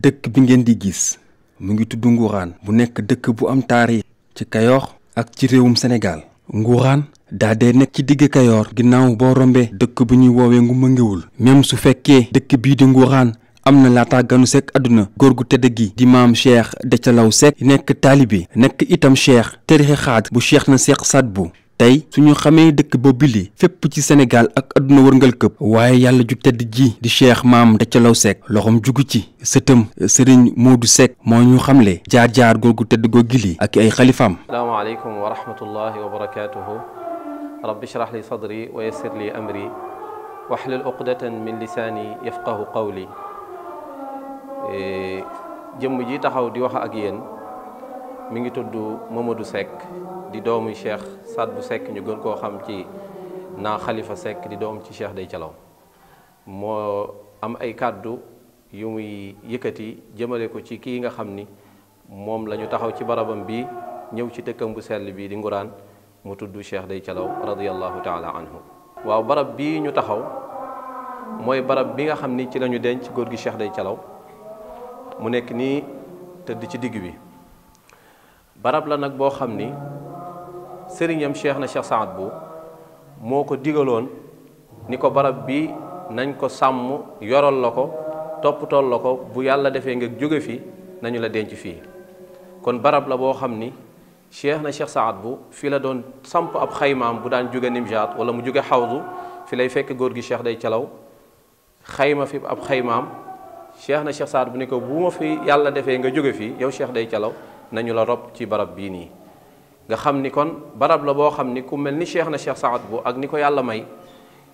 dëkk bi ngeen di gis mu ngi tudd Ngourane bu nekk dëkk bu am taarix ci Kayoor ak ci réewum senegal Ngourane daa dee nekk ci digg Kayoor ginnaaw boo rombee dëkk bu ñuy woowee Ngouma Ngéwul même su fekkee dëkk bii di Ngourane am na laataa ganu sek àdduna góor gu tedd gi di maam Cheikh Dethialaw Seck nekk taalibe nekk itam cheikh tariixa xaaj bu cheikh na Seex Saad bu tey su ñu xamee dëkk ba bili fépp ci senegal ak àdduna wërngal këpp waaye yàlla ju tedd ji di cheikh maam Déthié Seck loxoom jugu ci sëtëm sëriñ Modou Seck moo ñu xamle jaar-jaar googu tedd googu lii ak ay xalifaam. asalaamaaleykum wa rahmatullahi wa barakaatuhu rabbi shrah li sadri wa yassir li amri wahlul e, ji taxaw di wax ak yéen mi ngi tudd Mamadou Seck. di doomu Cheikh Saad bu Seck ñu gën koo xam ci naa Khalifa sekk di doom ci Cheikh day Calaw moo am ay kàddu yu muy yëkkati jëmale ko ci kii nga xam ni moom lañu taxaw ci barabam bi ñëw ci dëkkam bu sell bi di nguraan mu tudd Cheikh Dey Calaw radiyallahu taala anhu waaw barab bii ñu taxaw mooy barab bi nga xam ni ci lañu denc góor gi Cheikh day Calaw mu nekk nii tëdd ci digg bi barab la nag boo xam ni sëriñam cheikh na cheikh saad bu moo ko digaloon ni ko barab bi nañ ko sàmm yoral la ko toppatool la ko bu yàlla defee nga jóge fii nañu la denc fii kon barab la boo xam ni cheikh na cheikh saad bu fi la doon samp ab xaymaam bu daan jóge nimjaat wala mu jóge xawdu fi lay fekk góor gi cheikh day calaw xayma fi ab xaymaam cheikh na cheikh saad bu ni ko bu ma fi yàlla defee nga jóge fii yow cheikh day calaw nañu la rob ci barab bii nii nga xam ni kon barab la boo xam ni ku mel ni cheikh na cheikh saad bu ak ni ko yàlla may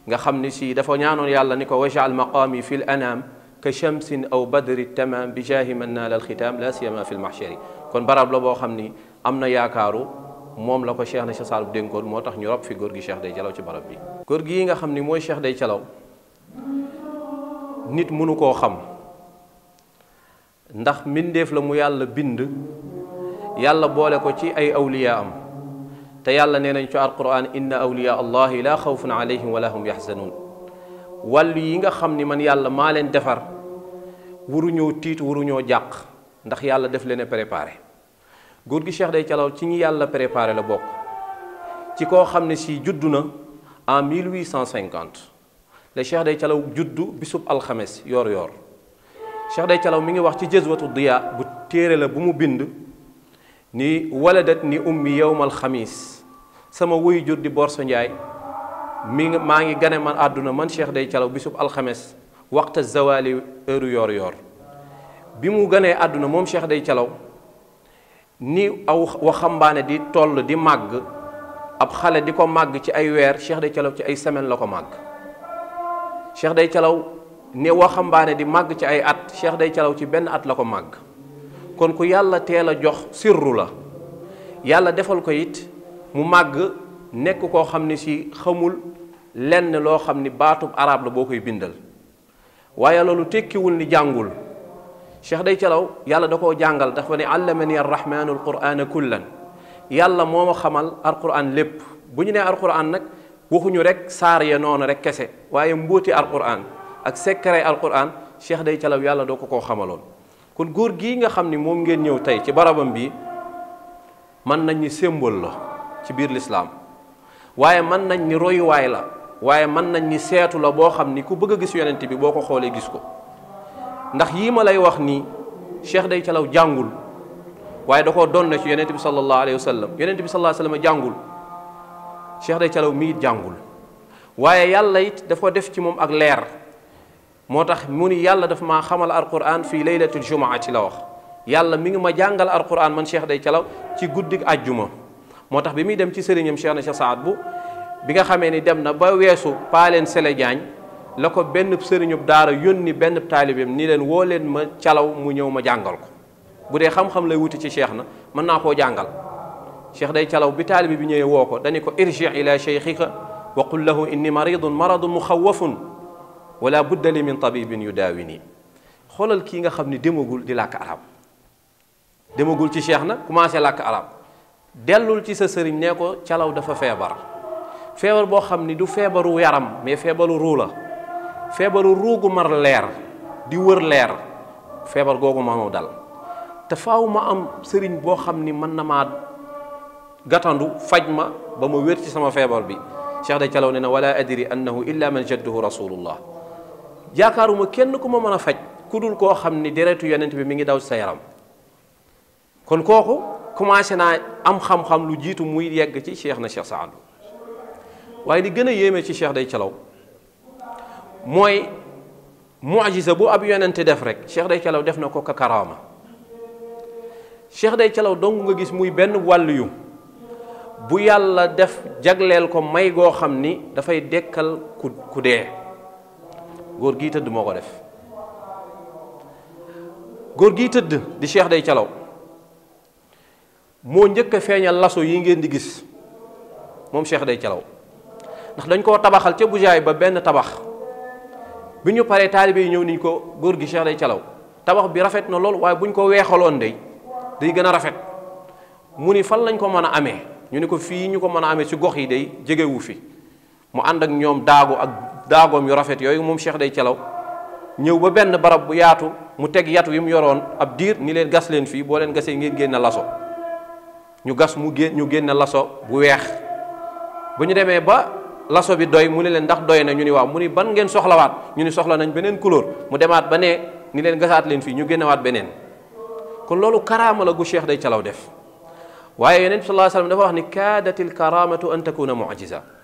nga xam ni si dafa ñaanoon yàlla ni ko wajal maqaami fi l anam ka shamsin aw badri tamam bi jaahi man naala alxitaam la siyama fi lmahshari kon boo xam ni am na yaakaaru moom la ko cheikh na cheikh saad bu denkoon moo tax ñu rob fi góor gi seex day jalaw ci barab bi góor gi yi nga xam ni mooy cheikh day calaw nit mënu koo xam ndax mbindeef la mu yàlla bind yàlla boole ko ci ay awliya am te yàlla nee nañ ci alquran inna awliya allahi laa xawfun alayhim wala hum yaxzanuun wàllu yi nga xam ni man yàlla maa leen defar waruñoo tiit waruñoo jàq ndax yàlla def leen préparé góor gi Cheikh Day Thialaw ci ñi yàlla préparé la bokk ci koo xam ne si juddu na en 1850 le Cheikh Day Thialaw juddu bisub alxames yoor yoor Cheikh Day Thialaw mi ngi wax ci jëzwatu diya bu téere la bu mu bind ni walla waladat ni ummi yowmal xamis sama wuyu jur di Borso Njaay mi ngi maa ngi gane man àdduna man Cheikh day Calaw bisub alxames waxta zawali heure yoor yoor bi mu ganee àdduna moom Cheikh day Calaw ni aw waxambaane di toll di màgg ab xale di ko màgg ci ay weer Cheikh Dey Calaw ci ay semaine la ko màgg Cheikh day Calaw ne waxambaane di màgg ci ay at Cheikh day Calaw ci benn at la ko màgg kon ku yàlla teel a jox sirru la yàlla defal ko it mu màgg nekk koo xam ne si xamul lenn loo xam ni baatub arab la boo koy bindal waaye loolu tekkiwul ni jàngul cheikh day calaw yàlla da koo jàngal dafa ne allamani arrahmanu alqurana kullan yàlla moo ma xamal alquran lépp bu ñu nee alquran nag waxuñu rek saar ya noonu rek kese waaye mbóoti alquran ak secret alquran cheikh day calaw yàlla doo ko koo xamaloon kon góor gi nga xam ni moom ngeen ñëw tey ci barabam bi mën nañ ni symbole la ci biir lislaam waaye mën nañ ni royuwaay la waaye mën nañ ni seetu la boo xam ni ku bëgg a gis yonent bi boo ko xoolee gis ko ndax yii ma lay wax nii Cheikh Day Calaw jàngul waaye da koo doon na ci yonent bi sallallahu alayhi wa sallam yonent bi sallallahu alayhi wa jàngul Cheikh Day Calaw mii jàngul waaye yàlla it dafa def ci moom ak leer moo tax mu ni yàlla daf maa xamal alquran fii laylatul jumaa ci la wax yàlla mi ngi ma jàngal alquran man Cheikh Day Calaw ci guddig ajjuma moo tax bi muy dem ci sëriñam Cheikh na sa Saad bu bi nga xamee ni dem na ba weesu paaleen Sele Jaañ la ko benn sëriñub daara yónni benn taalibeem ni leen woo leen ma calaw mu ñëw ma jàngal ko bu dee xam-xam lay wuti ci cheikh na mën naa koo jàngal cheikh day calaw bi taalibe bi ñëwee woo ko dañu ko irji ila cheikhika wa qul lahu inni maridun maradun muxawafun wala budda li min tabibin yu daawi nii xoolal kii nga xam ni demagul di làkk arab demagul ci cheikh na commencé làkk arab dellul ci sa sëriñ nee ko calaw dafa feebar feebar boo xam ni du feebaru yaram mais feebaru ruu la feebaru ruugu mar leer di wër leer feebar googu ma dal te faaw ma am sëriñ boo xam ni mën na maa gatandu faj ma ba ma wér ci sama feebar bi cheikh day calaw ne na wala adri annahu illa man jadduhu rasulullah yaakaaruma kenn ku ma mën a faj ku dul koo xam ni deretu yonent bi mu ngi daw sa yaram kon kooku commencé naa am xam-xam lu jiitu muy yegg ci cheikh na cheikh Saadu waaye di gën a yéeme ci cheikh day calaw mooy mucjisa bu ab yonente def rek cheikh day calaw def na ko ka karaama cheikh day calaw dong nga gis muy benn wàll yu bu yàlla def jagleel ko may goo xam ni dafay dekkal ku ku dee góor gii tëdd moo ko def góor gi tëdd di Cheikh Day Calaw moo njëkk feeñal laso yi ngeen di gis moom Cheikh Day Calaw ndax dañ koo tabaxal ca bujaay ba benn tabax bi ñu paree taalibe ñëw niñ ko góor gi Cheikh Day Calaw tabax bi rafet na lool waaye bu ñu ko weexaloon dey day gën a rafet mu ni fan lañ ko mën a amee ñu ni ko fii ñu ko mën a amee ci gox yi day jegewu fi mu ànd ak ñoom daagu ak daagoom yu rafet yooyu moom cheikh day calaw ñëw ba benn barab bu yaatu mu teg yatu yi mu yoroon ab diir ni leen gas leen fii boo leen gasee ngeen génn laso ñu gas mu génn ñu génn laso bu weex bu ñu demee ba laso bi doy mu ne leen ndax doy na ñu ni waaw mu ni ban ngeen soxlawaat ñu ni soxla nañ beneen couleur mu demaat ba ne ni leen gasaat leen fii ñu génnewaat beneen kon loolu karaama la gu seex day calaw def waaye yonent bi sallallahu alayhi wa sallam dafa wax ni kaadatil karaamatu an takuna mu'jiza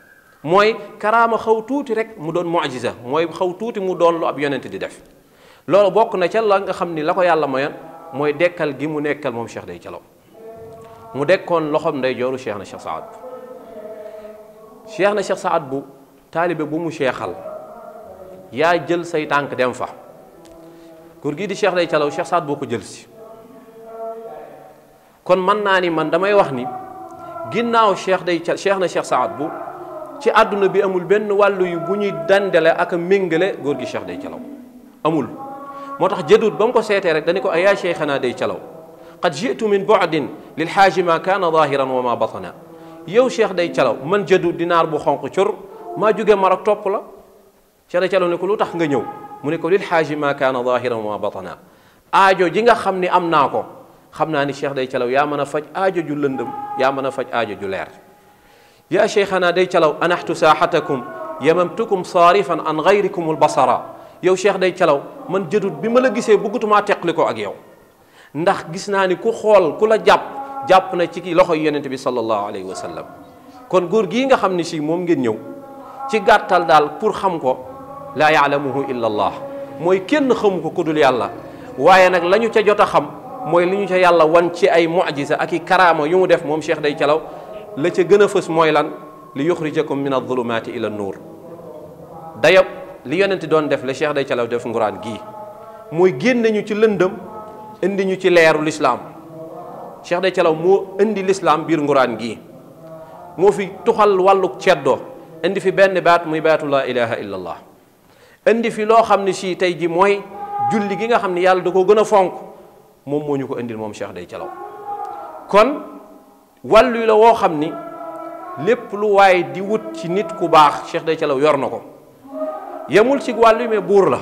mooy karaama xaw tuuti rek mu doon mu'jiza mooy xaw tuuti mu doon lu ab yonent di def loolu bokk na ca la nga xam ni la ko yàlla mayoon mooy dekkal gi mu nekkal moom Cheikh Day calaw mu dekkoon loxoom nday jooru na Cheikh Saad bu Cheikh na Cheikh Saad bu taalibe bu mu seexal yaa jël say tànk dem fa kur gii di Cheikh Day Thialaw Cheikh Saad boo ko jël si kon mën naa ni man damay wax ni ginnaaw Cheikh Day Cheikh na Cheikh Saad bu ci àdduna bi amul benn wàllu yu bu ñuy dandale ak a méngale góor gi day calaw amul moo tax jadut bam ko seetee rek dañu ko a yaa day calaw qad jitu min boadin lil xaaji ma kaana zahiran wa ma batana yow cheikh day calaw man jadut di naar bu xonq cor maa jóge Maroc topp la cheikh day calaw ne ko lu tax nga ñëw mu ne ko lil xaaji ma kaana zahiran wa ma batana aajo ji nga xam ni am naa ko xam naa ni cheikh day calaw yaa mën a faj aajo ju lëndëm yaa mën a faj aajo ju leer yaa cheikhana day calaw anaxtu saaxatakum yamamtukum saarifan an gayrikum albasara yow cheikh day calaw man jëdut bi ma la gisee bëggatumaa teqli ko ak yow ndax gis naa ni ku xool ku la jàpp jàpp na ci ki loxo yonente bi sallallahu alayhi wa sallam kon góor gi nga xam ne si moom ngeen ñëw ci gàttal daal pour xam ko laa yaalamuhu illa allah mooy kenn xamu ko ku dul yàlla waaye nag lañu ca jot a xam mooy li ñu ca yàlla wan ci ay mujiza ak i karaama yu mu def moom cheikh day calaw la ca gën a fës mooy lan li yuxrijakum min adulumaati ila nuur dayab li yonent doon def la Cheikh day calaw def nguraan gii mooy génne ñu ci lëndëm indi ñu ci leeru lislaam Cheikh day calaw moo indi lislaam biir nguraan gii moo fi tuxal wàlluk ceddoo indi fi benn baat muy baatu laa ilaha illa indi fi loo xam ne si tey ji mooy julli gi nga xam ne yàlla da koo gën a fonk moom moo ñu ko indil moom Cheikh day calaw kon wàllu la woo xam ni lépp lu waaye di wut ci nit ku baax Cheikh Day Thialaw yor na ko yemul ci wàllu mais buur la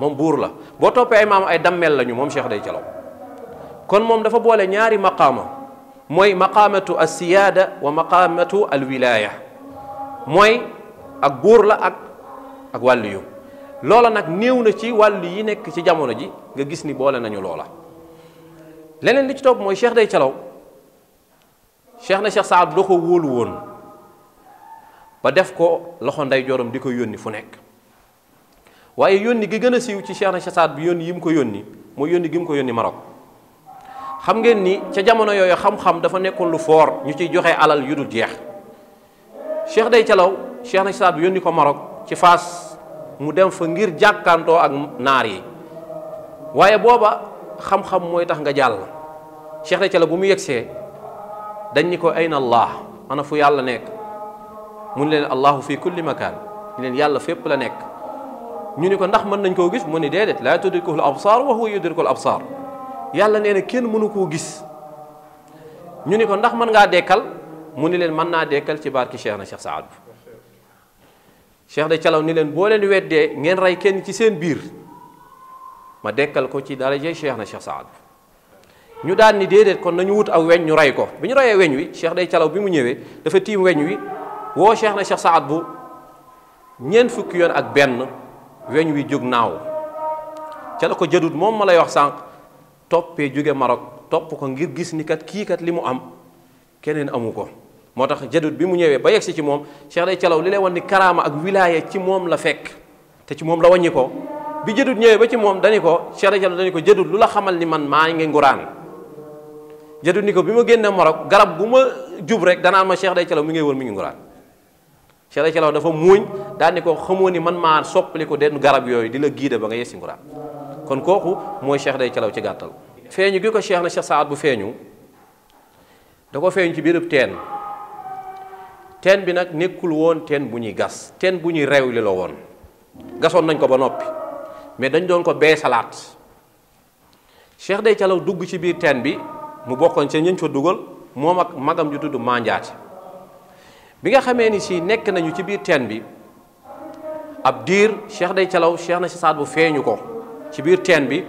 moom buur la boo toppee ay maam ay dammel lañu moom Cheikh Day Thialaw kon moom dafa boole ñaari maqaama mooy maqaamatu alsiyaada wa maqaamatu alwilaaya mooy ak buur la ak ak wàllu yu loola nag néew na ci wàllu yi nekk ci jamono ji nga gis ni boole nañu loola leneen li ci topp mooy Cheikh Day Thialaw cheikh na cheikh saad doo ko wóolu woon ba def ko loxo nday jorom di ko yónni fu nekk waaye yónni gi gën a siiw ci cheikh na cheikh saad bi yónni yi mu ko yónni mooy yónni gi mu ko yónni Maroc xam ngeen ni ca jamono yooyu xam-xam dafa nekkoon lu foor ñu ciy joxe alal yu dul jeex cheikh day calaw cheikh na cheikh saad bi yónni ci Faas mu dem fa ngir jàkkantoo ak naar yi waaye booba xam mooy tax nga jàll cheikh day calaw bu mu yegsee dañ ñi ko ayna allah ana fu yàlla nekk mun leen allahu fi kulli makaan ñu leen yàlla fépp la nekk ñu ni ko ndax mën nañ koo gis mu ni de laa ko l absaar wa huwa yudriku l absaar yàlla nee na kenn mënu koo gis ñu ni ko ndax mën ngaa dekkal mu ni leen mën naa dekkal ci barki cheikh na cheikh saad bu cheikh de ni leen boo leen weddee ngeen rey kenn ci seen biir ma dekkal ko ci daraje cheikh na cheikh saad ñu daan ni déedéet kon nañu wut aw weñ ñu rey ko bi ñu reyee weñ wi Cheikh day calaw bi mu ñëwee dafa tiim weñ wi woo Cheikh na Cheikh Saad bu ñeent yoon ak benn weñ wi jóg naaw ca ko jadut moom ma lay wax sànq toppee jóge Maroc topp ko ngir gis ni kat li mu am keneen amu ko moo tax jadut bi mu ñëwee ba yegsi ci moom Cheikh calaw li lay wan ni karaama ak wilaaya ci moom la fekk te ci moom la wàññi ko bi jadut ñëwee ba ci moom dañu ko Cheikh day calaw dani ko jadut lu la xamal ni man maa ngi nguraan jëtu ni ko bi ma génne Maroc garab gu ma jub rek danaan ma Cheikh day Thialaw mi ngay wër mi ngi nguraan Cheikh day Thialaw dafa muuñ daal ko xamoo ni man maa soppali ko garab yooyu di la giida ba nga yessi nguraan kon kooku mooy Cheikh day Thialaw ci gàttal feeñu gi ko Cheikh na Cheikh Saad bu feeñu da ko feeñu ci biirub teen teen bi nag nekkul woon teen bu ñuy gas teen bu ñuy reew li la woon gasoon nañ ko ba noppi mais dañ doon ko beesalaat Cheikh day Thialaw dugg ci biir teen bi mu bokkoon ci ñuñ fa dugal moom ak magam ju tudd manjaate bi nga xamee ni si nekk nañu ci biir teen bi ab diir cheikh day calaw cheikh na si saat bu feeñu ko ci biir teen bi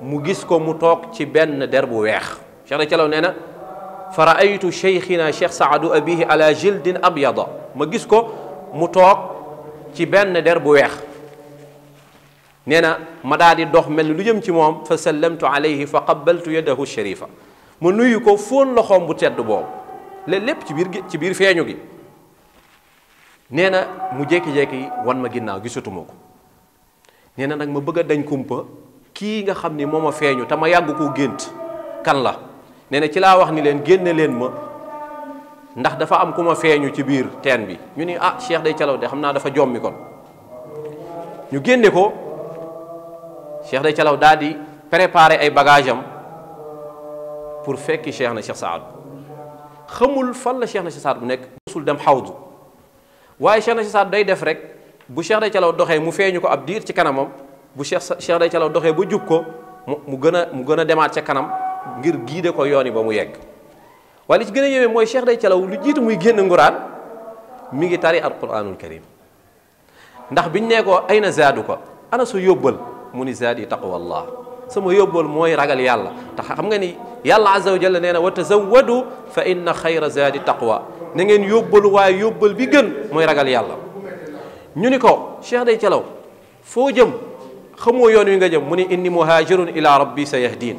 mu gis ko mu toog ci benn der bu weex cheikh day calaw nee na fa raaytu cheikhina cheikh saadu abihi ala jildin abyada ma gis ko mu toog ci benn der bu weex nee na ma daa di dox mel ni lu jëm ci moom fa sallamtu alayhi fa qabbaltu yadahu sharifa ma nuyu ko foon loxoom bu tedd boobu léeg lépp ci biir ci biir feeñu gi nee na mu jékki-jékki wan ma ginnaaw gisatuma ko nee nag ma bëgg a dañ kumpa kii nga xam ni moo ma feeñu te ma yàgg koo gént kan la nee na ci laa wax ni leen génne leen ma ndax dafa am ku ma feeñu ci biir teen bi ñu ni ah Cheikh day calaw de xam naa dafa jommi kon ñu génne ko Cheikh Day Calaw daal di préparer ay bagages pour fekki Cheikh na Cheikh Saad xamul fan la Cheikh na Cheikh bu nekk musul dem xawdu waaye Cheikh na Cheikh day def rek bu Cheikh Day Calaw doxe mu feeñu ko ab diir ci kanamam bu Cheikh Cheikh Day Calaw doxee ba jub ko mu gën mu gën a demaat ca kanam ngir giide ko yoon yi ba mu yegg waaye li ci gën a yéeme mooy Cheikh Day Calaw lu jiitu muy génn nguraan mi ngi tari al quranul karim ndax biñ nekkoo ay na zaadu ko ana su yóbbal mu ni zaadi taqwallah sama yóbbool mooy ragal yàlla tax xam nga ni yàlla azza wa jalla nee na wa tazawwadu fa inna xayra zaadi taqwa na ngeen yóbbal waaye yóbbal bi gën mooy ragal yàlla ñu ni ko cheikh day calaw foo jëm xamoo yoon wi nga jëm mu ni inni muhaajirun ila rabbi sa yahdin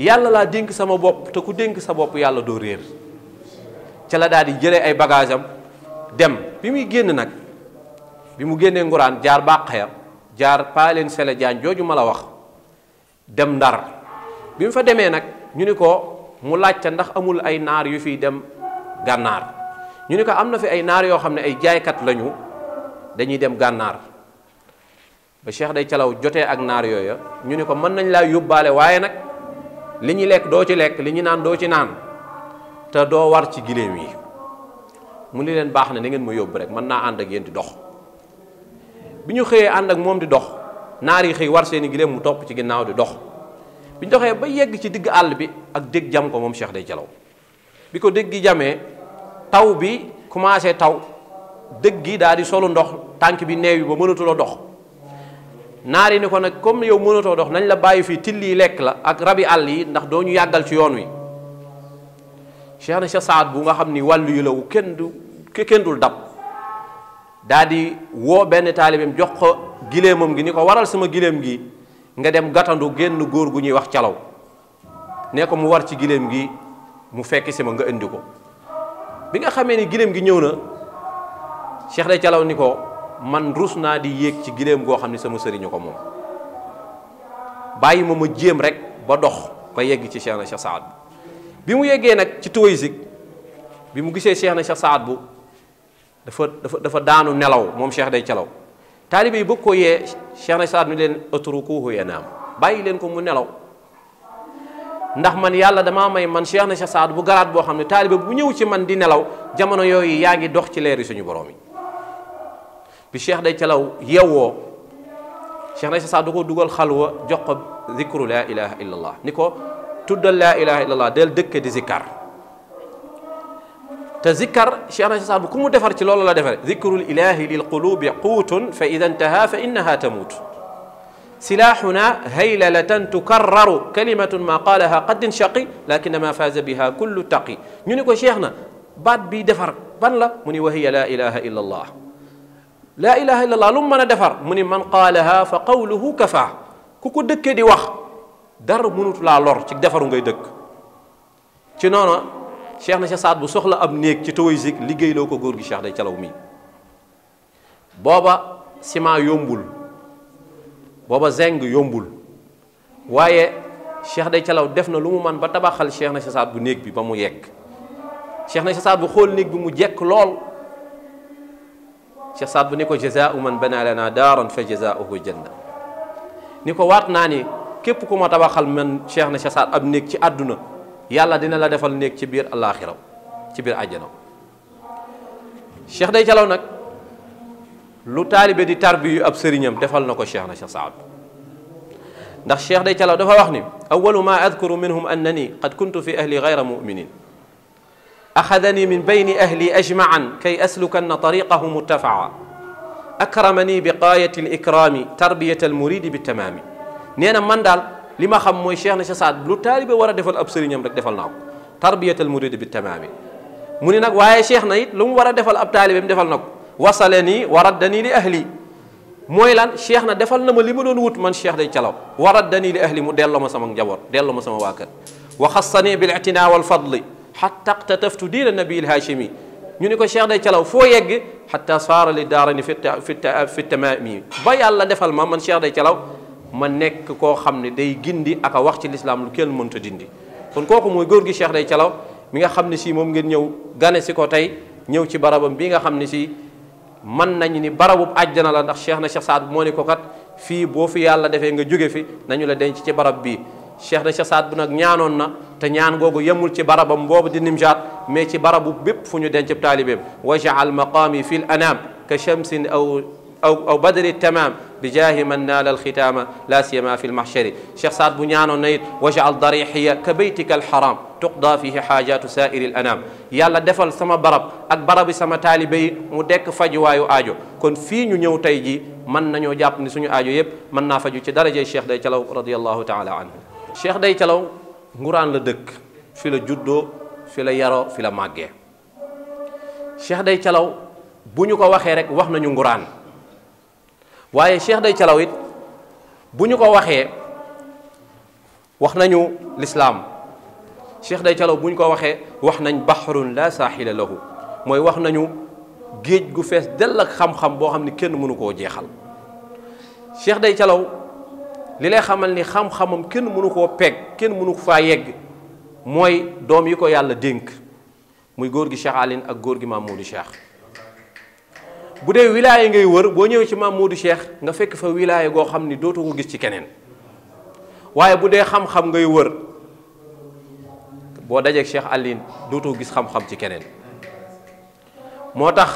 yàlla laa dénk sama bopp te ku dénk sa bopp yàlla doo réer ca la daal di jëlee ay bagage am dem bi muy génn nag bi mu génnee nguraan jaar bàqaya jaar paaleen sele jaan jooju ma la wax dem ndar bi mu fa demee nag ñu ni ko mu laajte ndax amul ay naar yu fiy dem gànnaar ñu ni ko am na fi ay naar yoo xam ne ay jaaykat lañu dañuy dem gànnaar ba Cheikh day calaw jote ak naar yooya ñu ni ko mën nañ laa yóbbaale waaye nag li ñu lekk doo ci lekk li ñu naan doo ci naan te doo war ci giléem yi mu ni leen baax na ni ngeen ma yóbbu rek mën naa ànd ak yéen di dox bi ñu xëyee ànd ak moom di dox naar yi xëy war seeni gileem mu topp ci ginnaaw di dox bi ñu ba yegg ci digg àll bi ak dégg jam ko moom Cheikh Dey Jalaw bi ko dégg jamee taw bi commencé taw dëgg gi daal di solu ndox tànk bi neew yi ba mënatuloo dox naar yi ni ko nag comme yow mënatoo dox nañ la bàyyi fii till yi lekk la ak rabi àll yi ndax doo ñu yàggal ci yoon wi Cheikh na Cheikh Saad bu nga xam ni wàll yu la wu kenn du kenn dul dab daa di woo benn taalibeem jox ko gileemam gi ni ko waral sama gileem gi nga dem gatandu génn góor gu ñuy wax calaw ne ko mu war ci gileem gi mu fekk si ma nga indi ko bi nga xamee ni gileem gi ñëw na Cheikh calaw ni ko man rus naa di yéeg ci gileem goo xam ne sama sëriñu ko moom bàyyi ma ma jéem rek ba dox ba yegg ci Cheikh sa Cheikh bi mu yeggee nag ci tuwaysig bi mu gisee Cheikh sa Cheikh bu dafa dafa daanu nelaw moom cheikh day calaw taalibe yi bëgg ko yee cheikh na saad ni leen ëtrukuhu yanaam bàyyi leen ko mu nelaw ndax man yàlla damaa may man cheikh na saad bu garaat boo xam ne taalibe bu ñëw ci man di nelaw jamono yooyu yaa ngi dox ci leeri suñu borom yi bi cheikh day calaw yewwoo cheikh na saad da dugal xalwa jox illa allah ni ko tuddal laa ilaha illa allah del dëkk di zikkar te zikkar Cheikh na Saad bu ku mu defar ci loolu la defare zikrul ilahi lil qulubi quutun fa ida intaha fa innaha tamuut silahuna haylalatan tukarraru kalimatun ma qaalaha qaddin shaqi lakina ma faaza biha kullu taqi ñu ni ko Cheikh na baat bi defar ban la mu ni wahiya la ilaha illa allah laa ilaha illa allah lu mu mën a defar mu ni man qaalaha fa qawluhu kafaa ku ko dëkkee di wax dara mënut laa lor ci defaru ngay dëkk ci noonu cheikh na sa saat bu soxla ab néeg ci Tawfekh liggéey loo ko góor gi cheikh day calaw mi booba ciment yombul booba zinc yombul waaye cheikh day calaw def na lu mu man ba tabaxal cheikh na sa saat bu néeg bi ba mu yegg cheikh na xool néeg bi mu jekk lool cheikh saat bu ni ko jazaau man bana lana daaran fa jazaauhu janna ni ko waat naa ni képp ku ma tabaxal man cheikh na sa saat ab néeg ci àdduna yàlla dina la defal néeg ci biir allaaxiraw ci biir àjjanaw cheikh day calaw nag lu taalibe di tarbiyu ab sëriñam defal na ko cheikh na cheikh saad ndax cheikh day calaw dafa wax ni awalu ma adkuru minhum annani qad kuntu fi ahli gayra muminin axadani min bayni ahli ajmaan kay aslukanna tariqahu muttafaa akramani bi qaayati alikraami tarbiyata almuridi bitamaami nee na man daal li ma xam mooy Cheikh na Cheikh Saad lu taalibe war a defal ab sëriñam rek defal naa ko tarbiyatal murid bi tamaami mu ni nag waaye Cheikh na it lu mu war a defal ab taalibeem defal na ko wasale nii waradda nii li ahli mooy lan Cheikh na defal na ma li ma doon wut man Cheikh day calaw waradda nii li ahli mu delloo ma sama njaboot delloo ma sama waa kër waxassani bil itinaa wal fadli xatta aqtataftu diina nabil hachimi ñu ni ko Cheikh day calaw foo yegg xatta saara li daarani fi fi fi tamaami ba yàlla defal ma man Cheikh day calaw ma nekk koo xam ne day gindi aka wax ci lislaam lu kenn mënta dindi kon kooku mooy góor gi Cheikh Day Calaw mi nga xam ne si moom ngeen ñëw gane si ko tey ñëw ci barabam bii nga xam ne si mën nañu ni barabub àjjana la ndax Cheikh na Cheikh Saad moo ni ko kat fii boo fi yàlla defee nga jóge fi nañu la denc ci barab bii Cheikh na Cheikh saat bu nag ñaanoon na te ñaan googu yemul ci barabam boobu di Nimjaat mais ci barabu bépp fu ñu denc taalibeem wajaal maqaami fi l anaam ka shamsin aw aw aw badri tamaam bi jaahi man naala alxitaama la siyama fi lmahshari cheikh saad bu ñaanoon na it wajaal darixiya ka baytika alxaram tuqda fihi xaajaatu saairi l anam yàlla defal sama barab ak barabi sama taalibe mu dekk fajuwaayu aajo kon fii ñu ñëw tey ji mën nañoo jàpp ni suñu aajo yëpp mën naa faju ci darajey cheikh day calaw radiallahu taala anhu cheikh day calaw nguraan la dëkk fi la juddoo fi la yaroo fi la màggee cheikh day calaw bu ñu ko waxee rek wax nañu nguraan waaye Cheikh Day Calaw it bu ñu ko waxee wax nañu lislaam Cheikh Day Calaw bu ñu ko waxee wax nañ bahrun la saaxila lahu mooy wax nañu géej gu fees dell ak xam-xam boo xam ni kenn mënu koo jeexal Cheikh Day Calaw li lay xamal ni xam-xamam kenn mënu koo peeg kenn mënu ko faa yegg mooy doom yi ko yàlla dénk muy góor gi Cheikh Aline ak góor gi Mamoudou Cheikh bu dee wilaya ngay wër boo ñëwee ci maam du Cheikh nga fekk fa wilaya goo xam ni dootoo ko gis ci keneen waaye bu dee xam-xam ngay wër boo dajeeg Cheikh Alioune dootoo gis xam ci keneen moo tax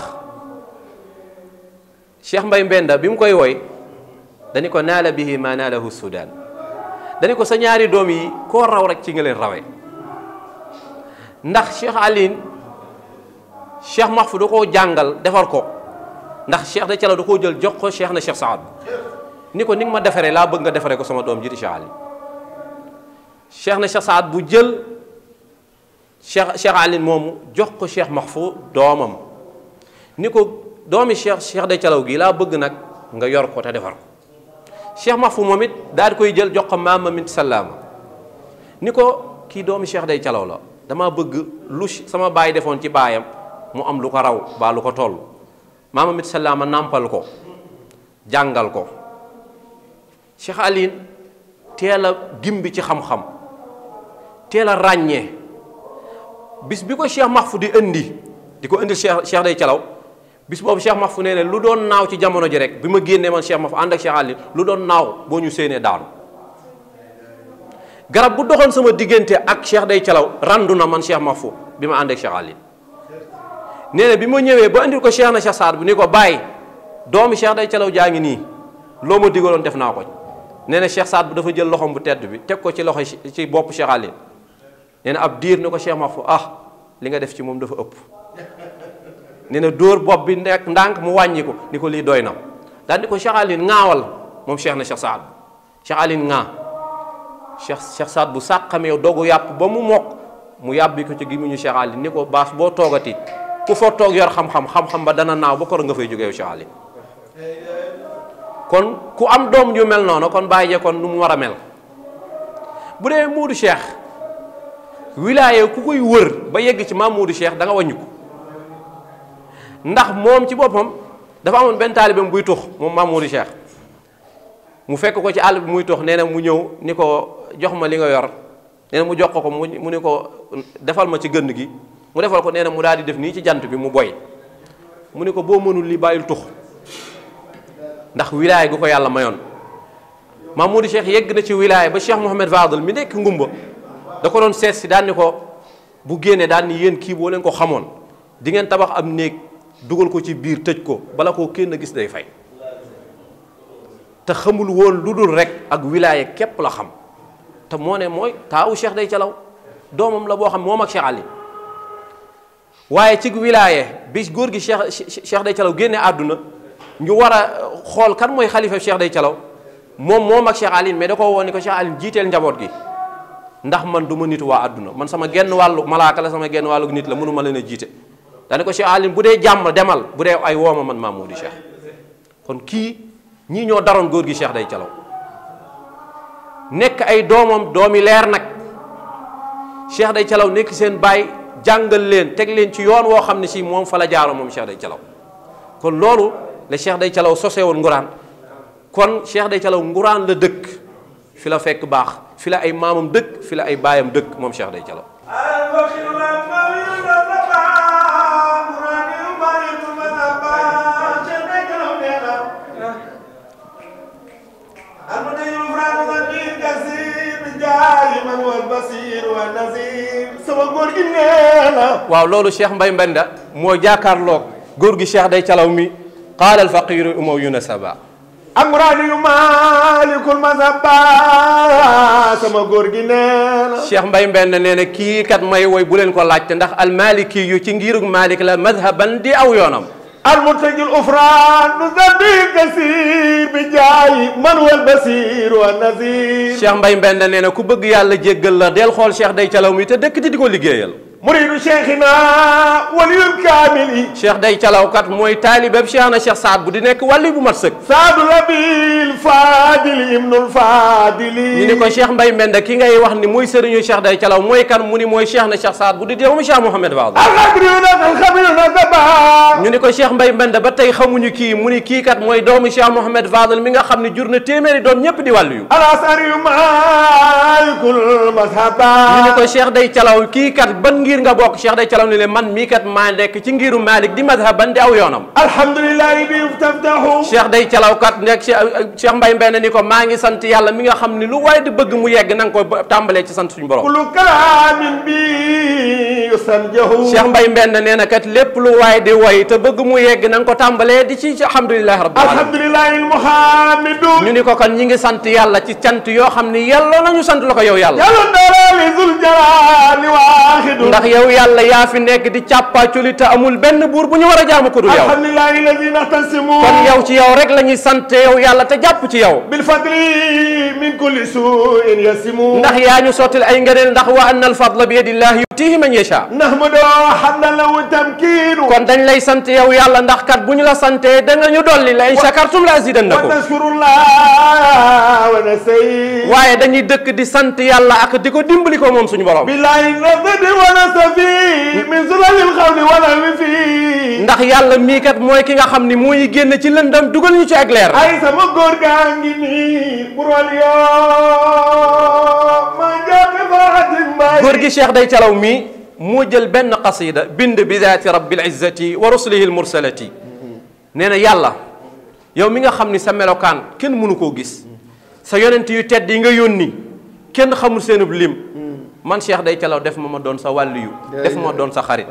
Cheikh Mbay Mbenda bi mu koy woy dañu ko naala bihi ma naalahu sudaan dañu ko sa ñaari doom yi koo raw rek ci nga leen rawe ndax Cheikh Alioune Cheikh Mahfou da koo jàngal defar ko ndax Cheikh na Thialaw da koo jël jox ko Cheikh na Cheikh Saad ni ko ni ma defaree laa bëgg nga defaree ko sama doom ji di Cheikh Ali na Cheikh bu jël Cheikh Cheikh Ali moomu jox ko Cheikh Mahfou doomam ni ko doomi Cheikh Cheikh de Thialaw gii laa bëgg nag nga yor ko te defar ko Cheikh fu moom it daal di koy jël jox ko maam Mamine Salaama ni ko kii doomi Cheikh day calaw la damaa bëgg lu sama baay defoon ci baayam mu am lu ko raw baa lu ko toll. maamam it salaama nàmpal ko jàngal ko Cheikh Aline teel a gimbi ci xam-xam teel a ràññee bis bi ko Cheikh Mahfou di indi di ko indil Cheikh Cheikh day calaw bis boobu Cheikh Mahfou nee na lu doon naaw ci jamono ji rek bi ma génnee man Cheikh Mahfou ànd ak Cheikh Aline lu doon naaw boo ñu séenee daanu garab bu doxoon sama diggante ak Cheikh day calaw randu na man Cheikh Mahfou bi ma ànd ak Cheikh Aline nee bi ma ñëwee ba indil ko Cheikh na Cheikh Saad bu ni ko bàyyi doomu Cheikh day calaw jaa ngi nii loo ma digaloon def naa ko nee na Cheikh Saad bu dafa jël loxoom bu tedd bi teg ko ci loxo ci bopp Cheikh Aline nee na ab diir ni ko Cheikh ma fu ah li nga def ci moom dafa ëpp nee na dóor bopp bi nekk ndànk mu wàññi ko ni ko liy doy na daal di ko Cheikh Aline ŋaawal moom Cheikh na Cheikh Saad bu Cheikh Aline ŋaa Cheikh Cheikh Saad bu sàqamee dogu yàpp ba mu mokk mu yàbbi ko ci gémmiñu Cheikh Aline ni ko baas boo toogati ku fa toog yor xam-xam xam ba dana naaw ba kor nga fay jóge yow Cheikh kon ku am doom ju mel noonu kon bàyyi kon nu mu war a mel bu dee Moodu Cheikh wilaaye ku koy wër ba yegg ci maam Moodu Cheikh da nga wàññi ndax moom ci boppam dafa amoon benn taalibeem buy tux moom maam Moodu Cheikh mu fekk ko ci àll bi muy tux nee na mu ñëw ni ko jox ma li nga yor nee na mu jox ko ko mu ni ko defal ma ci gënn gi mu defal ko nee na mu daal di def nii ci jant bi mu boy mu ne ko boo mënul li bàyyil tux ndax wilaay gu ko yàlla mayoon Mamoudou Cheikh yegg na ci wilaay ba Cheikh Mouhamed Fadel mi nekk ngumba da ko doon seet si daan ni ko bu génnee daan ni yéen kii boo leen ko xamoon di ngeen tabax am néeg dugal ko ci biir tëj ko bala koo kenn gis day fay te xamul woon lu dul rek ak wilaaye képp la xam te moo ne mooy taawu Cheikh day calaw doomam la boo xam moom ak waaye ci wilaaye bi góor gi Cheikh Day Calaw génne àdduna ñu war a xool kan mooy xalifa Cheikh Day Calaw moom moom ak Cheikh Aline mais da koo woon ni ko Cheikh Aline jiiteel njaboot gi ndax man du ma nit waa àdduna man sama genn wàllu malaaka la sama genn wàllu nit la mënu ma leen a jiite dana ko Cheikh Aline bu dee jàmm demal bu dee ay wooma man maamu di Cheikh kon kii ñii ñoo daroon góor gi seex Day Calaw nekk ay doomam doomi leer nag Cheikh Day Calaw nekk seen baay jàngal leen teg leen ci yoon woo xam ne si moom fa la jaaro moom Cheikh Day Thialaw kon loolu la Cheikh Day calaw sosee woon nguraan kon Cheikh Day calaw nguraan la dëkk fi la fekk baax fi la ay maamam dëkk fi la ay baayam dëkk moom Cheikh Day Thialaw البصير والنذير waaw loolu Cheikh Mbay Mbenda moo jàkkaarloog góor gi Cheikh day calaw mi qaala alfaqiru umaw yu na saba amraani yu maalikul masaba sama góor gi nee na Cheikh Mbay Mbenda nee na kii kat may woy bu leen ko laajte ndax almaliki yu ci ngirug Malik la madhaban di aw yoonam المنتج الأفران ذنبي كثير بجاي من هو البصير والنذير Cheikh Mbaye Mbenda nee na ku bëgg yàlla jéggal la del xool Cheikh day calaw mi te dëkk di ko liggéeyal muridu cheikhina waliyul kaamili cheikh day calawkat mooy taalibab cheikhna cheikh saad bu di nekk wàlli bu mat sëkk saadu rabil faadili ibnul faadili ñu ni ko cheikh mbay mbend ki ngay wax ni mooy sëriñu cheikh day calaw mooy kan mu ni mooy cheikhna cheikh saad bu di doomu cheikh mohammed waad alxabiruna daba ñu ni ko cheikh mbay mbend ba tey xamuñu kii mu ni kii kat mooy doomu cheikh mohammed waadal mi nga xam ne jur na téeméeri doon ñépp di wàllu yu alasariyu malikul mazhaba ñu ni ko cheikh day calaw kii kat ban ngi ngir nga bokk Cheikh day calaw ni leen man mii kat maa nekk ci Mbay Mbay ni ko maa ngi sant yàlla mi nga xam ni lu waaye di bëgg mu yegg na nga ko tàmbalee ci sant suñu borom mustanjahu Cheikh Mbaye Mbend nee na kat lépp lu waay di woy te bëgg mu yegg na nga ko tàmbalee di ci alhamdulilahi rabbil alamin alhamdulilahi almuhamidu ñu ni ko kon ñi ngi sant yàlla ci cant yoo xam ni yàlla la ñu sant la ko yow yàlla yàlla darali zul jalali waaxidu ndax yow yàlla yaa fi nekk di càppaaculi te amul benn buur bu ñu war a jaamu ko dul yow alhamdulilahi alladi nahtasimu kon yow ci yow rek la ñuy sant yow yàlla te jàpp ci yow bil fadli min kulli suin yasimu ndax yaa ñu sottil ay ngëneel ndax wa anna al fadla bi yadillahi tii tiihi man yasha kon dañ lay sant yaw yàlla ndax kat bu ñu la santee da nga ñu dolli la in shakartum la azidannakum waaye dañuy dëkk di sant yàlla ak di ko dimbali ko moom suñu borom billahi naddi wala safi min zulalil xawli wala wifi ndax yàlla mii kat mooy ki nga xam ni mooy génn ci lëndam dugal ñu ci ak leer ay sama góor gaa ngi nii bural yoo ma jàpp baatin góor gi Cheikh day calaw mi moo jël benn qasida bind bi daati rabbil izzati wa rusulihi almursalati nee na yàlla yow mi nga xam ni sa melokaan kenn mënu koo gis sa yonent yu tedd yi nga yónni kenn xamul seenub lim man Cheikh Day Calaw def ma ma doon sa wàllu yu def ma doon sa xarit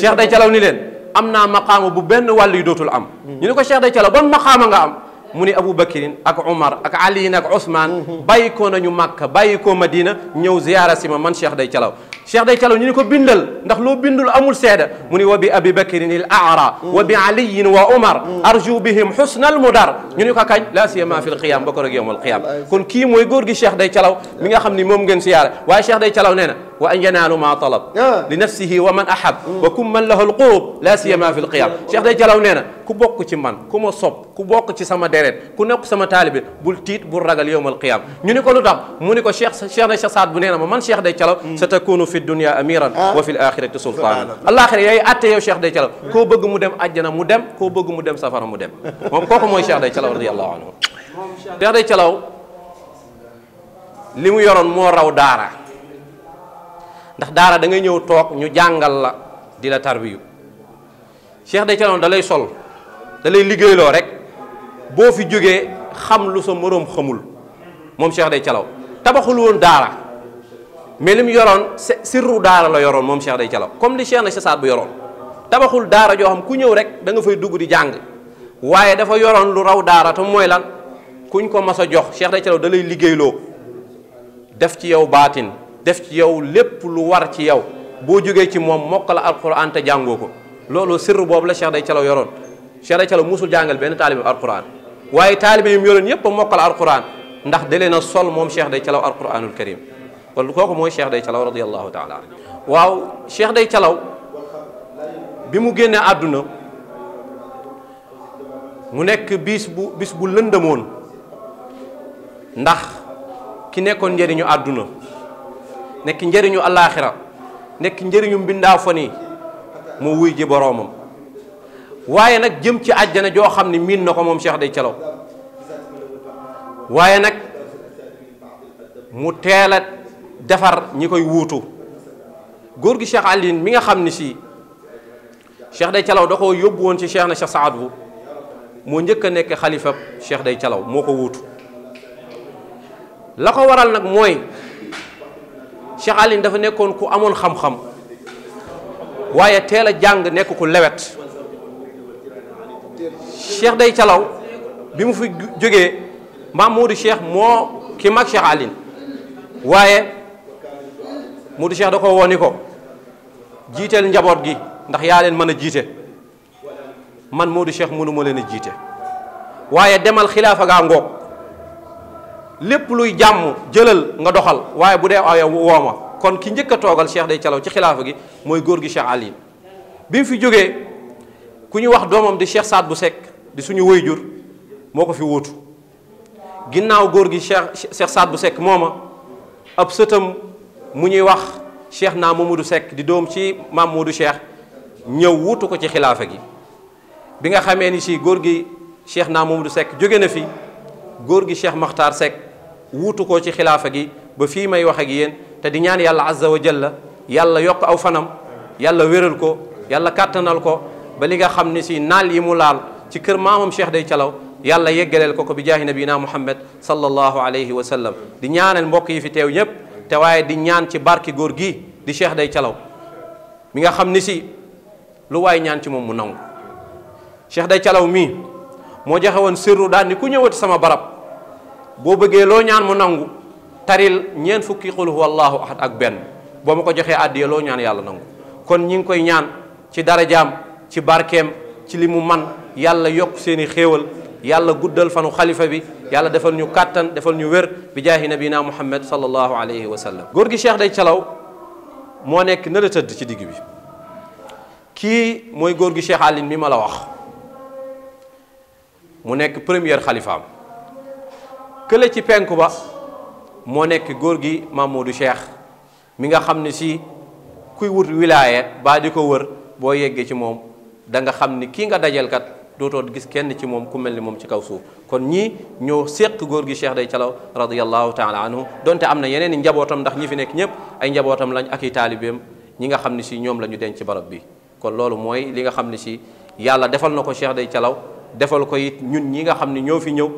Cheikh Day Calaw ni leen am naa maqaama bu benn wàllu yu dootul am ñu ne ko Cheikh Day Calaw ban maqaama nga am mu ne Abu Bakrin ak Umar ak Aliin ak Ousmane bàyyi koo nañu Màkka bàyyi koo Madina ñëw ziyaara si ma man Day Calaw cheikh day calaw ñu ni ko bindal ndax loo bindul amul seeda mu ni wa bi abi bakrin il aara wa bi aliyin wa omar arju bihim xusna al mudar ñu ni ko kañ la siyama fi lqiyam ba ko rek yowm alqiyam kon kii mooy góor gi cheikh day calaw mi nga xam ni moom ngeen siyaare waaye cheikh day calaw nee na wa an yanaalu ma talab ah. li nafsihi wa man ahab wa kum man lahu alqurub la siyama fi lqiyam cheikh day calaw nee na ku bokk ci man ku ma sopp ku bokk ci sama deret ku nekk sama taalibe bul tiit bul ragal yowm alqiyam ñu ni ko lu tax mu ni ko cheikh cheikh na cheikh saad bu nee na ma man cheikh day calaw sa takunu fi dunya amiran ah. wa fi l axirati sultaana alaxira yaay atte yow cheikh day calaw koo bëgg mu dem ajjana mu dem koo bëgg mu dem safara mu dem moom kooku mooy cheikh day calaw radiallahu anhu cheikh day calaw li mu yoroon moo raw daara ndax daara da ngay ñëw toog ñu jàngal la di la tarbiyu cheikh day calaw da sol da lay liggéeyloo rek boo fi jógee xam lu sa moroom xamul moom cheikh day calaw tabaxul woon daara mais li mu yoroon sirru daara la yoroon moom Cheikh day calaw comme li Cheikh na Saad bu yoroon tabaxul daara joo xam ku ñëw rek da nga fay dugg di jàng waaye dafa yoroon lu raw daara te mooy lan kuñ ko mas a jox Cheikh day calaw da lay liggéeyloo def ci yow baatin def ci yow lépp lu war ci yow boo jógee ci moom mokk la alquran te jàngoo ko loolu sirru boobu la Cheikh day calaw yoroon Cheikh day calaw musul jàngal benn taalibe alquran waaye taalibe yo mu yoroon yëpp a mokkal alquran ndax dalee sol moom Cheikh day calaw alquranul karim kon kooku mooy Cheikh Day Calaw radiyallahu taala waaw Cheikh Day Calaw bi mu génnee àdduna mu nekk bis bu bis bu lëndëmoon ndax ki nekkoon njëriñu àdduna nekk njëriñu allaaxira nekk njëriñu mbindaafon yi mu wuy ji boroomam waaye nag jëm ci àjjana joo xam ne miin na ko moom Cheikh Day Calaw waaye nag mu teelat defar ñi koy wuutu góor gi Cheikh Alioune mi nga xam ni si Cheikh Day Calaw da koo yóbbu woon ci Cheikh na sa Saad moo njëkk a nekk xalifa Cheikh Day Calaw moo ko wuutu la ko waral nag mooy Cheikh dafa nekkoon ku amoon xam waaye teel a jàng nekk ku lewet Cheikh Day Calaw bi mu fi jógee Mamoudou Cheikh moo ki mag Cheikh Alioune waaye Modou Cheikh da ko woo ni ko jiiteel njaboot gi ndax yaa leen mën a jiite man du Cheikh mënuma leen a jiite waaye demal xilaafa gaa ngoog lépp luy jàmm jëlal nga doxal waaye bu dee awee woo ma kon ki njëkk a toogal Cheikh day calaw ci xilaafa gi mooy góor gi Cheikh Ali bi mu fi jógee ku ñu wax doomam di Cheikh Saad bu Seck di suñu jur moo ko fi wóotu ginnaaw góor gi Cheikh Cheikh Saad bu sekk mooma ab sëtam mu ñuy wax cheikh naa Mamadou sekk di doom ci maam Modou Cheikh ñëw wuutu ko ci xilaafa gi bi nga xamee ni si góor gi cheikh naa du sekk jóge na fi góor gi cheikh Makhtar Seck wuutu ko ci xilaafa gi ba fii may wax ak yéen te di ñaan yàlla azza wa jalla yàlla yokk aw fanam yàlla wéral ko yàlla kàttanal ko ba li nga xam ne si naal yi mu laal ci kër maamam cheikh day calaw yàlla yeggaleel ko ko bi jaahi nabina muhammad sallallahu alayhi wa sallam di ñaanal mbokk yi fi teew ñëpp te waaye di ñaan ci barki góor gi di Cheikh Day Calaw mi nga xam ni si lu waaye ñaan ci moom mu nangu Cheikh Day Calaw mii moo joxe woon sirru daal ni ku ñëwati sama barab boo bëggee loo ñaan mu nangu taril ñeent fukki xul wallahu ahad ak benn boo ma ko joxee àddiya loo ñaan yàlla nangu kon ñi ngi koy ñaan ci darajaam ci barkeem ci li mu man yàlla yokk seeni xéewal yàlla guddal fanu xalifa bi yàlla defal ñu kàttan defal ñu wér bi jaahi nabina muhammad sallallahu alayhi wa sallam góor gi Cheikh Day Calaw moo nekk na ci digg bi kii mooy góor gi Cheikh Aline mi ma la wax mu nekk première xalifaam kële ci penku ba moo nekk góor gi Mamadou Cheikh mi nga xam ne si kuy wut wilaaye baa di ko wër boo yeggee ci moom danga xam ni kii nga dajal kat dootoo gis kenn ci moom ku mel ni moom ci kaw suuf kon ñii ñoo séq góor gi Cheikh Day Calaw radiyallahu taala anhu donte am na yeneen i njabootam ndax ñi fi nekk ñëpp ay njabootam lañ ak i taalibeem ñi nga xam ne si ñoom la ñu ci barab bi kon loolu mooy li nga xam ne si yàlla defal na ko Cheikh Day Calaw defal ko it ñun ñi nga xam ne ñoo fi ñëw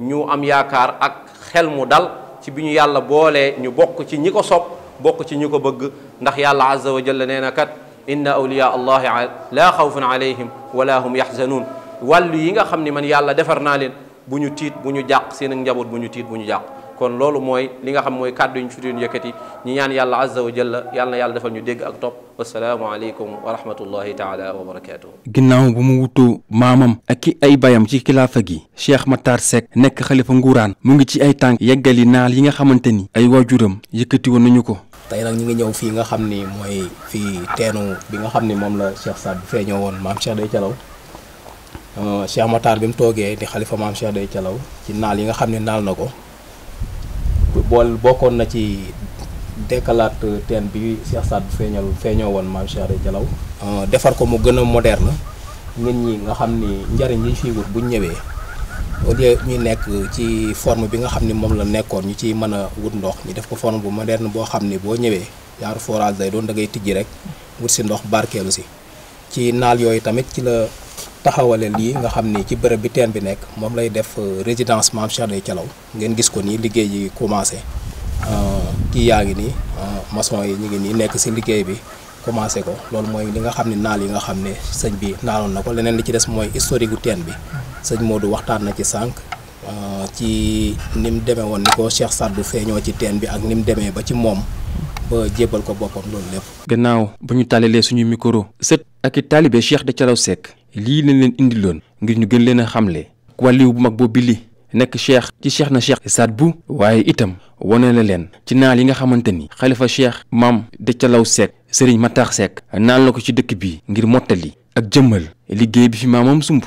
ñu am yaakaar ak xel mu dal ci bi ñu yàlla boolee ñu bokk ci ñi ko sopp bokk ci ñi ko bëgg ndax yàlla azza wa jalla nee na kat inna awliya allahi la xawfun alayhim wala hum yaxzanuun wàllu yi nga xam ni man yàlla defar naa leen bu ñu tiit bu ñu jàq seen ak njaboot bu ñu tiit bu ñu jàq kon loolu mooy li nga xam mooy kàddu yi ñu fi doon ñaan yàlla azza jalla yàlla yàlla defal ñu dégg ak topp wasalaamualeykum wa rahmatullahi taala wa barakaatu. ginnaaw bu mu wutu maamam ak ki ay bayam ci kilaafa gi Cheikh Matar Seck nekk xalifa nguuraan mu ngi ci ay tànk yeggali naal yi nga xamante ni ay waajuram yëkkati woon nañu ko. tey nag ñu ngi ñëw fii nga xam ni mooy fii teenu bi nga xam ni moom la Cheikh Saad bu fee ñëw woon maam Cheikh day Calaw Euh, Cheikh Matar bi mu toogee di xalifa maam Cheikh Day ci naal yi nga xam ne naal na ko bool bokkoon na ci dekkalaat ten bi Cheikh Saad bu feeñal feeñoo woon maam Cheikh Day euh, defar ko mu gën a moderne nit ñi nga xam ni njariñ liñ fiy wut buñ ñëwee au lieu ñuy nekk ci forme bi nga xam ni moom la nekkoon ñu ciy mën a wut ndox ñu def ko forme bu moderne boo xam ni boo ñëwee yaaru forage day doon da ngay tijji rek wut si ndox barkeelu si ci naal yooyu tamit ci la taxawale lii nga xam ni ci bërëb bi teen bi nekk moom lay def euh, résidence Mame Cheikh Ndeye Thialaw ngeen gis ko nii liggéey yi commencé euh, ki yaa ngi nii euh, mason yi ñu ngi nii nekk si liggéey bi commencé ko loolu mooy li nga xam ne naal yi nga xam ne sëñ bi naaloon na ko leneen li ci des mooy historique gu teen bi sëñ Modou waxtaan na ci sànq ci ni mu demee woon ni ko Cheikh Saddu feeñoo ci teen bi ak ni mu demee ba ci moom ba ko boppam loolu lépp. gannaaw ba ñu tàllalee suñu micro. set ak i taalibe Cheikh de Thialaw Seck. lii lañ leen indiloon. ngir ñu gën leen a xamle. wàlliw bu mag boobu li nekk cheikh ci cheikh na cheikh saat bu waaye itam wane la leen ci naal yi nga xamante ni xalifa cheikh maam de Déthialaw Seck sëriñ Matar Seck naal la ko ci dëkk bi ngir mottali ak jëmmal liggéey bi fi maamam sumb